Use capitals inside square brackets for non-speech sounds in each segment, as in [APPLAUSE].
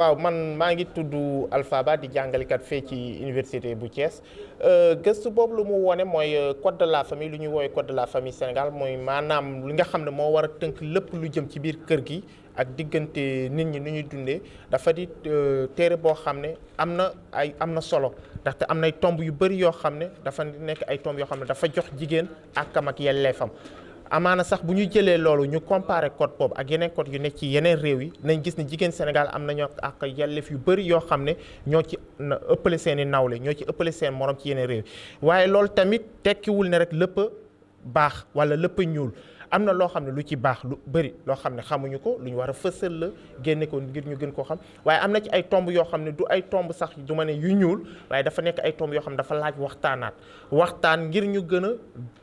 waaw man maa ngi tudd Alpha di jàngalekat fee ci université bu Thiès euh, gëstu boobu lu mu wone mooy euh, code de la famille lu ñuy woowee code la famille Sénégal mooy maanaam li nga xam ne moo war a tënk lépp lu jëm ci biir kër gi ak diggante nit ñi nu ñuy dundee dafa di euh, téere boo xam ne am na ay am na solo ndaxte am nay tomb yu bëri yoo xam ne dafa nekk ay tomb yoo xam ne dafa jox jigéen ak am ak yelleefam amaana sax bu ñu jëlee loolu ñu comparé code boobu ak yeneen code yu nekk ci yeneen réew yi nañ gis ni jigéen Sénégal am nañu ak yelleef yu bëri yoo xam ne ñoo ci ëppale seeni nawle ñoo ci ëppale seen morom ci yeneen réew yi waaye loolu tamit tekkiwul ne rek lépp baax wala lépp ñuul am na loo xam ne lu ci baax lu bëri loo xam ne xamuñu ko lu ñu war a fësal la génne ko ngir ñu gën koo xam waaye am na ci ay tomb yoo xam ne du ay tomb sax du ma ne yu ñuul waaye dafa nekk ay tomb yoo xam ne dafa laaj waxtaanaat waxtaan ngir ñu gën a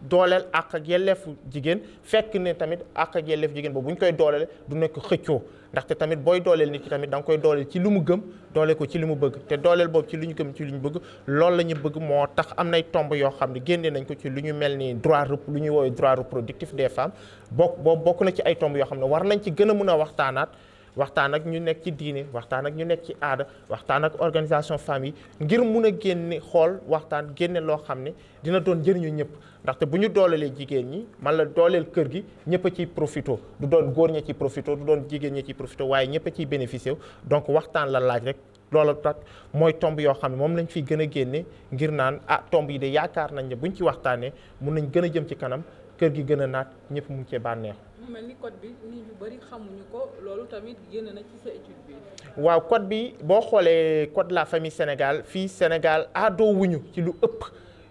dooleel àq ak yelleefu jigéen fekk ne tamit àq ak yelleefu jigéen boobu bu ñu koy dooleel du nekk xëccoo ndaxte tamit booy dooleel nit ki tamit da koy dooleel ci li mu gëm dooleel ko ci li mu bëgg te dooleel boobu ci li ñu gëm ci li ñu bëgg loolu la ñu bëgg moo tax am nay tomb yoo xam ne génne nañ ko ci lu ñu mel ni droit lu ñuy woowee droit reproductif des femmes bokk boobu bokk na ci ay tomb yoo xam ne war nañ ci gën a mën a waxtaanaat waxtaan ak ñu nekk ci diine waxtaan ak ñu nekk ci aada waxtaan ak organisation famille ngir mun a génne xool waxtaan génne loo xam ne dina doon njëriñu ñëpp ndaxte bu ñu doolelee jigéen ñi man la dooleel kër gi ñëpp a ciy profito du doon góor ña ciy profito du doon jigéen ña ciy profito waaye ñëpp a ciy bénéficié wu donc waxtaan la laaj rek loola tak mooy tomb yoo xam ne moom lañ fiy gën a génne ngir naan ah tomb yi de yaakaar nañ bu ñu ci waxtaanee mun nañ gën a jëm ci kanam kër gi gën naat ñëpp mun cee dafa mel ni code bi nit ñu bari xamuñu ko loolu tamit génn na ci sa étude bi. waaw code bi boo xoolee code la famille Sénégal fii Sénégal aadoo ci lu ëpp.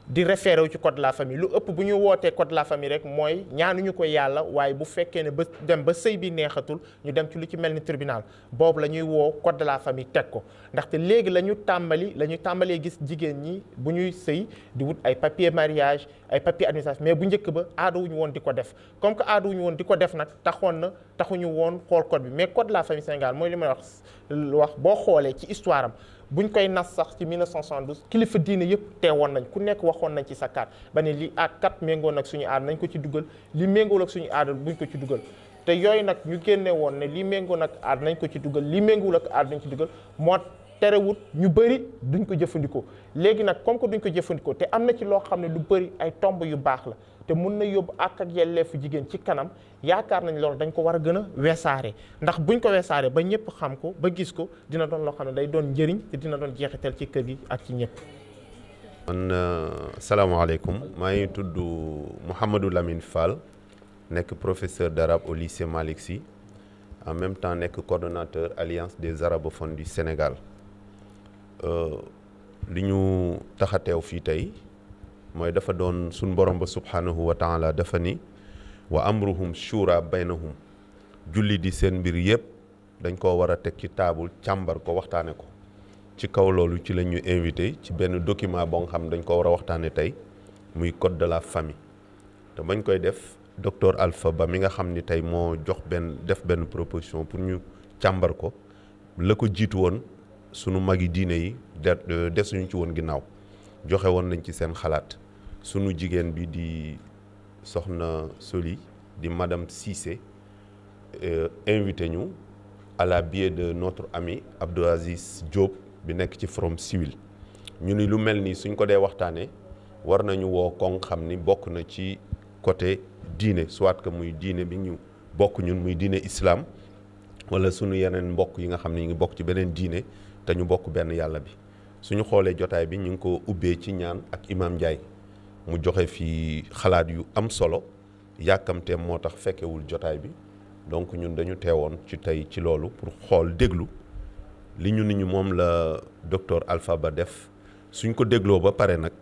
di référé wu ci code la famille lu ëpp bu ñu wootee code de la famille rek mooy ñaanuñu ko yàlla waaye bu fekkee ne ba dem ba sëy bi neexatul ñu dem ci lu ci mel ni tribunal boobu la ñuy woo code la famille teg ko ndaxte léegi la ñu tàmbali la ñu tàmbalee gis jigéen ñi bu ñuy sëy di wut ay papier mariage ay papier administration mais bu njëkk ba aadawuñu woon di ko def comme que aadawuñu woon di ko def nag taxoon na taxuñu woon xool code bi mais code de la famille mooy li may wax boo xoolee ci histoire am buñ koy nas sax ci 1972 kilifa diine yëpp teewoon nañ ku nekk waxoon nañ ci sa kaat ba ne lii ak kat méngoon ak suñu aada nañ ko ci dugal li méngool ak suñu aada buñ ko ci dugal te yooyu nag ñu génne woon ne lii méngoon ak aada nañ ko ci dugal li méngool ak aada nañ ci dugal moo terewut ñu bëri duñ ko jëfandikoo léegi nag comme que duñ ko jëfandikoo te am na ci loo xam ne lu bëri ay tomb yu baax la te mun na yóbbu ak ak yelleefu jigéen ci kanam yaakaar nañ loolu dañ ko war a gën a weesaare ndax buñ ko weesaare ba ñëpp xam ko ba gis ko dina doon loo xam ne day doon njëriñ te dina doon jeexital ci kër gi ak ci ñëpp. man euh, salaamaaleykum maa ngi tudd Mouhamadou Lamine Fall nekk professeur d'arabe au lycée Malick si en même temps nekk coordonnateur alliance des arabophones du Sénégal. Euh, li ñu taxateew fii tey mooy dafa doon suñ borom ba subhanahu wa taala dafa ni wa amruhum shura baynahum julli di seen mbir yëpp dañ ko war a teg ci taabul càmbar ko waxtaane ko ci kaw loolu ci la ñu invité ci benn document boo nga xam dañ ko war a waxtaane tey muy code de la famille te bañ koy def docteur Alpha Ba mi nga xam ni tey moo jox benn def benn proposition pour ñu càmbar ko la ko jiitu woon sunu mag yi diine yi de euh, desuñu ci woon ginnaaw joxe woon nañ ci seen xalaat sunu jigéen bi di soxna Soli di madame Cissé euh, invité ñu à la biais de notre ami Abdou Aziz Diop bi nekk ci Forum Civil ñu ni lu mel nii suñ ko dee waxtaanee war nañu woo kon xam ni bokk na ci côté diine soit que muy diine bi ñu bokk ñun muy diine islam wala sunu yeneen mbokk yi nga xam ne ñu ngi bokk ci beneen diine dañu bokk benn yàlla bi suñu xoolee jotaay bi ñu ngi ko ubbee ci ñaan ak imaam Ndiaye mu joxe fii xalaat yu am solo yàkkamteem moo tax fekkewul jotaay bi donc ñun dañu teewoon ci tey ci loolu pour xool déglu li ñu nit ñu moom la docteur Alpha Ba def suñ ko dégloo ba pare nag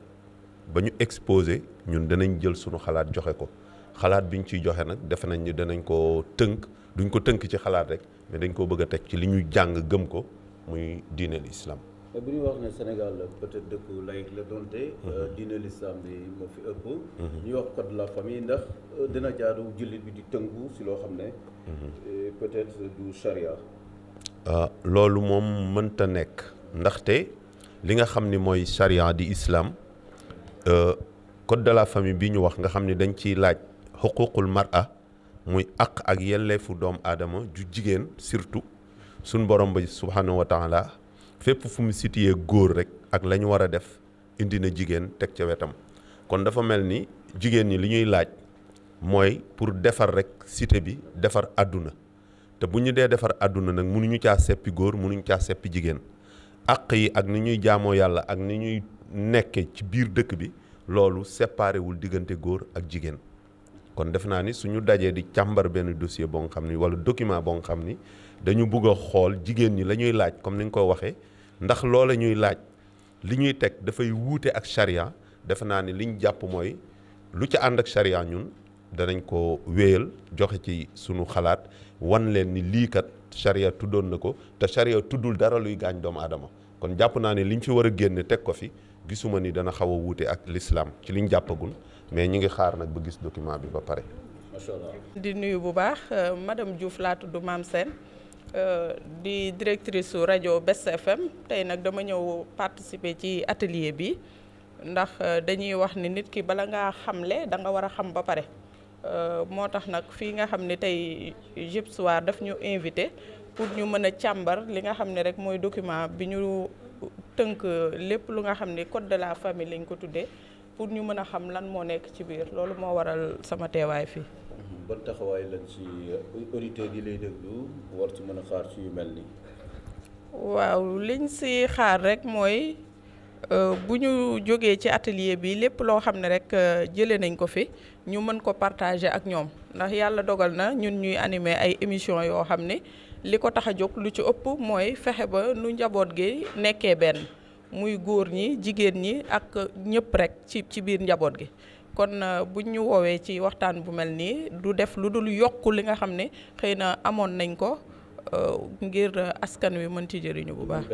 ba ñu exposé ñun danañ jël suñu xalaat joxe ko xalaat bi ñu ciy joxe nag defe nañ ni danañ ko tënk duñ ko tënk ci xalaat rek mais dañ koo bëgg a teg ci li ñu jàng gëm ko muy diine l'islam bu ñu wax ne Sénégal peut-être dëkku laïc la donte. Euh, diine l'islam bi moo fi ëpp. Mhm. ñu wax code la famille ndax euh, dina jaadu jullit bi di tënku si loo xam ne. Mhm. Euh, peut-être du charia. Ah, loolu moom mënta nekk ndaxte li nga xam ni mooy charia di islam code de la famille bi ñu wax nga xam ni dañ ciy laaj xuququl mar'a muy àq ak yelleefu doomu aadama ju jigéen surtout. suñ borom ba subhanahu wa taala fépp fu mu situé góor rek ak la ñu war a def indi na jigéen teg ca wetam kon dafa mel ni jigéen ñi li ñuy laaj mooy pour defar rek cité bi defar àdduna te bu ñu dee defar àdduna nag mënuñu caa seppi góor mënuñu caa seppi jigéen àq yi ak ni ñuy jaamoo yàlla ak ni ñuy nekke ci biir dëkk bi loolu séparé diggante góor ak jigéen kon def naa ni suñu dajee di càmbar benn dossier boo nga xam ni wala document boo nga xam ni dañu bugg xool jigéen ñi la ñuy laaj comme ni ñu ko waxee ndax loola ñuy laaj li ñuy teg dafay wuute ak charia def naa ni liñ jàpp mooy lu ci ànd ak charia ñun danañ ko wéyal joxe ci sunu xalaat wan leen ni liikat kat tuddoon na ko te charia tuddul dara luy gaañ doomu aadama kon jàpp naa ne liñ fi war a génne teg ko fi gisuma ni dana xaw a wuute ak l'islam ci liñ jàppagul mais ñu ngi xaar nag ba gis document bi ba pare. di nuyu bu baax euh, madam Diouf laa tudd Mame Sène euh, di directrice su rajo Best tey nag dama ñëw participer ci atelier bi ndax euh, dañuy wax ni nit ki bala ngaa xamle da nga war a xam ba pare. moo tax nag fii nga xam ni tey jub soir daf ñu invité pour ñu mën a càmbar li nga xam ne rek mooy document bi ñu tënk lépp lu nga xam ne code de la famille lañ ko tuddee pour ñu mën a xam lan moo nekk ci biir loolu moo waral sama teewaay fii. Mhm. ban taxawaay lañ ci auditeurs yi lay déglu war ci mën a xaar ci yu mel nii. waaw liñ ci xaar rek mooy euh, bu ñu jógee ci atelier bi lépp loo xam ne rek euh, jëlee nañ ko fi ñu mën ko partager ak ñoom ndax yàlla dogal na ñun ñuy animer ay émissions yoo xam ne li ko tax a jóg lu ci ëpp mooy fexe ba lu njaboot gi nekkee benn. muy góor ñi jigéen ñi ak ñëpp rek ci ci biir njaboot gi kon euh, bu ñu woowee ci waxtaan bu mel nii du def lu dul yokk li nga xam ne xëy na amoon nañ ko Euh, ngir askan wi mën ci jëriñu bu baax.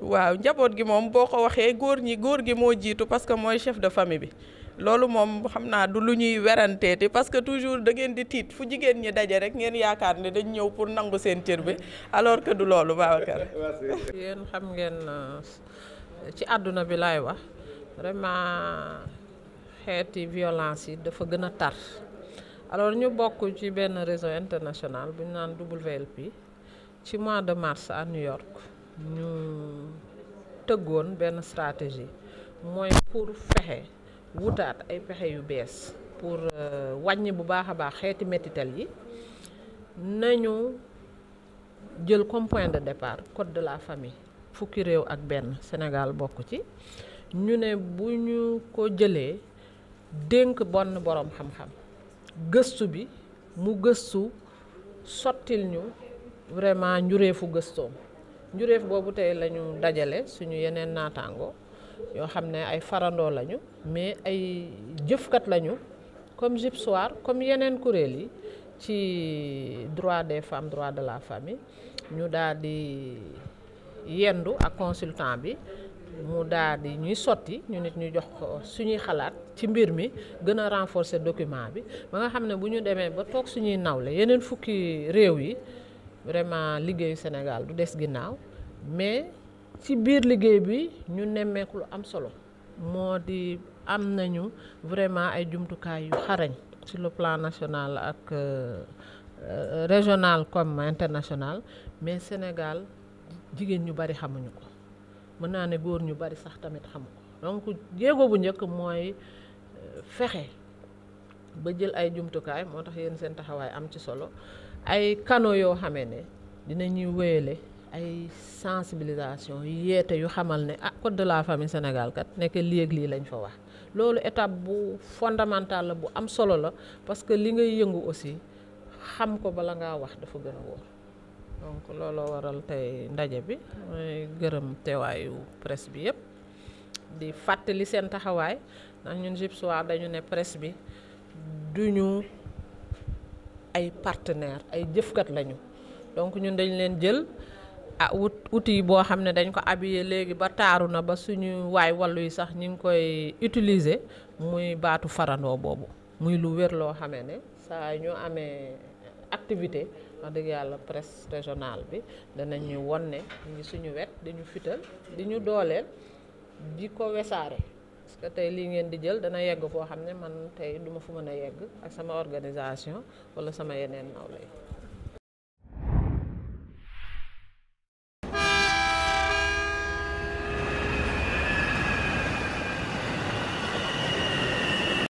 waaw njaboot gi moom boo ko waxee góor ñi góor gi moo jiitu parce que mooy chef de famille bi. loolu moom xam naa du lu ñuy weranteeti parce que toujours da ngeen di tiit fu jigéen ñi daje rek ngeen yaakaar ne dañ ñëw pour nangu seen cër bi alors que du loolu Babacar. [LAUGHS] yéen xam ngeen euh, ci àdduna bi laay wax vraiment xeeti violence yi dafa gën a tar. alors ñu bokk ci benn réseau international bu ñu naan WLP ci mois de mars à New York ñu tëggoon benn stratégie mooy pour fexe wutaat ay pexe yu bees pour euh, wàññi bu baax a baax xeeti métital yi nañu jël comme de départ code de la famille fukki réew ak benn Sénégal bokk ci ñu ne bu ñu ko jëlee dénk bonn boroom xam-xam gëstu bi mu gëstu sottil ñu vraiment njureefu gëstoom njureef boobu tey lañu dajale suñu yeneen naataango yoo xam ne ay farandoo lañu mais ay jëfkat lañu comme JIPSOAR comme yeneen kuréel yi ci droit des femmes droit de la famille ñu daal di yendu ak consultant bi mu daal di ñuy sotti ñu nit ñu jox ko suñuy xalaat ci mbir mi gën a renforcer document bi ba nga xam ne bu ñu demee ba toog suñuy nawle yeneen fukki réew yi vraiment liggéeyu Sénégal du des ginnaaw mais ci biir liggéey bi ñu nemmeeku lu am solo moo di am nañu vraiment ay jumtukaay yu xarañ ci le plan national ak euh, euh, régional comme international mais Sénégal jigéen ñu bari xamuñu ko. mën naa ne góor ñu bari sax tamit xamu ko donc jéego bu njëkk mooy euh, fexe ba jël ay jumtukaay moo tax yéen seen taxawaay am ci solo ay kano yoo xamee ne dinañuy wéyale ay sensibilisation yeete yu xamal ne ah code de la famille Sénégal nekk lii lii lañ fa wax loolu étape bu fondamentale la bu am solo la parce que li ngay yëngu aussi xam ko bala ngaa wax dafa gën a wóor donc looloo waral tey ndaje bi mooy gërëm teewaayu presse bi yëpp di fàttali seen taxawaay ndax ñun GIPS/WAR dañu ne presse bi duñu ay partenaire ay jëfkat lañu donc ñun dañ leen jël a ah, wut outil boo xam ne dañ ko habillé léegi ba taaru na ba suñu waay wallu yi sax ñu ngi koy utiliser muy baatu farandoo boobu muy lu wér loo xame ne saa ñu amee activité wax dëgg yàlla presse régionale bi danañ ñu won ne ñu ngi suñu wet di ñu fital di dooleel di ko wesaare parce que tey lii ngeen di jël dana yegg foo xam ne man tey duma fu mën a yegg ak sama organisation wala sama yeneen nawle